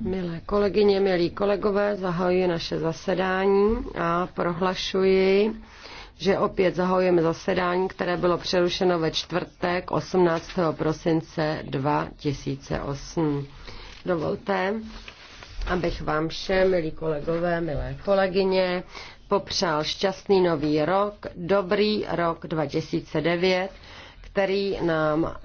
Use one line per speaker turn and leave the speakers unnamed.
Milé kolegyně, milí kolegové, zahajuji naše zasedání a prohlašuji, že opět zahajujeme zasedání, které bylo přerušeno ve čtvrtek 18. prosince 2008. Dovolte, abych vám všem, milí kolegové, milé kolegyně, popřál šťastný nový rok, dobrý rok 2009, který nám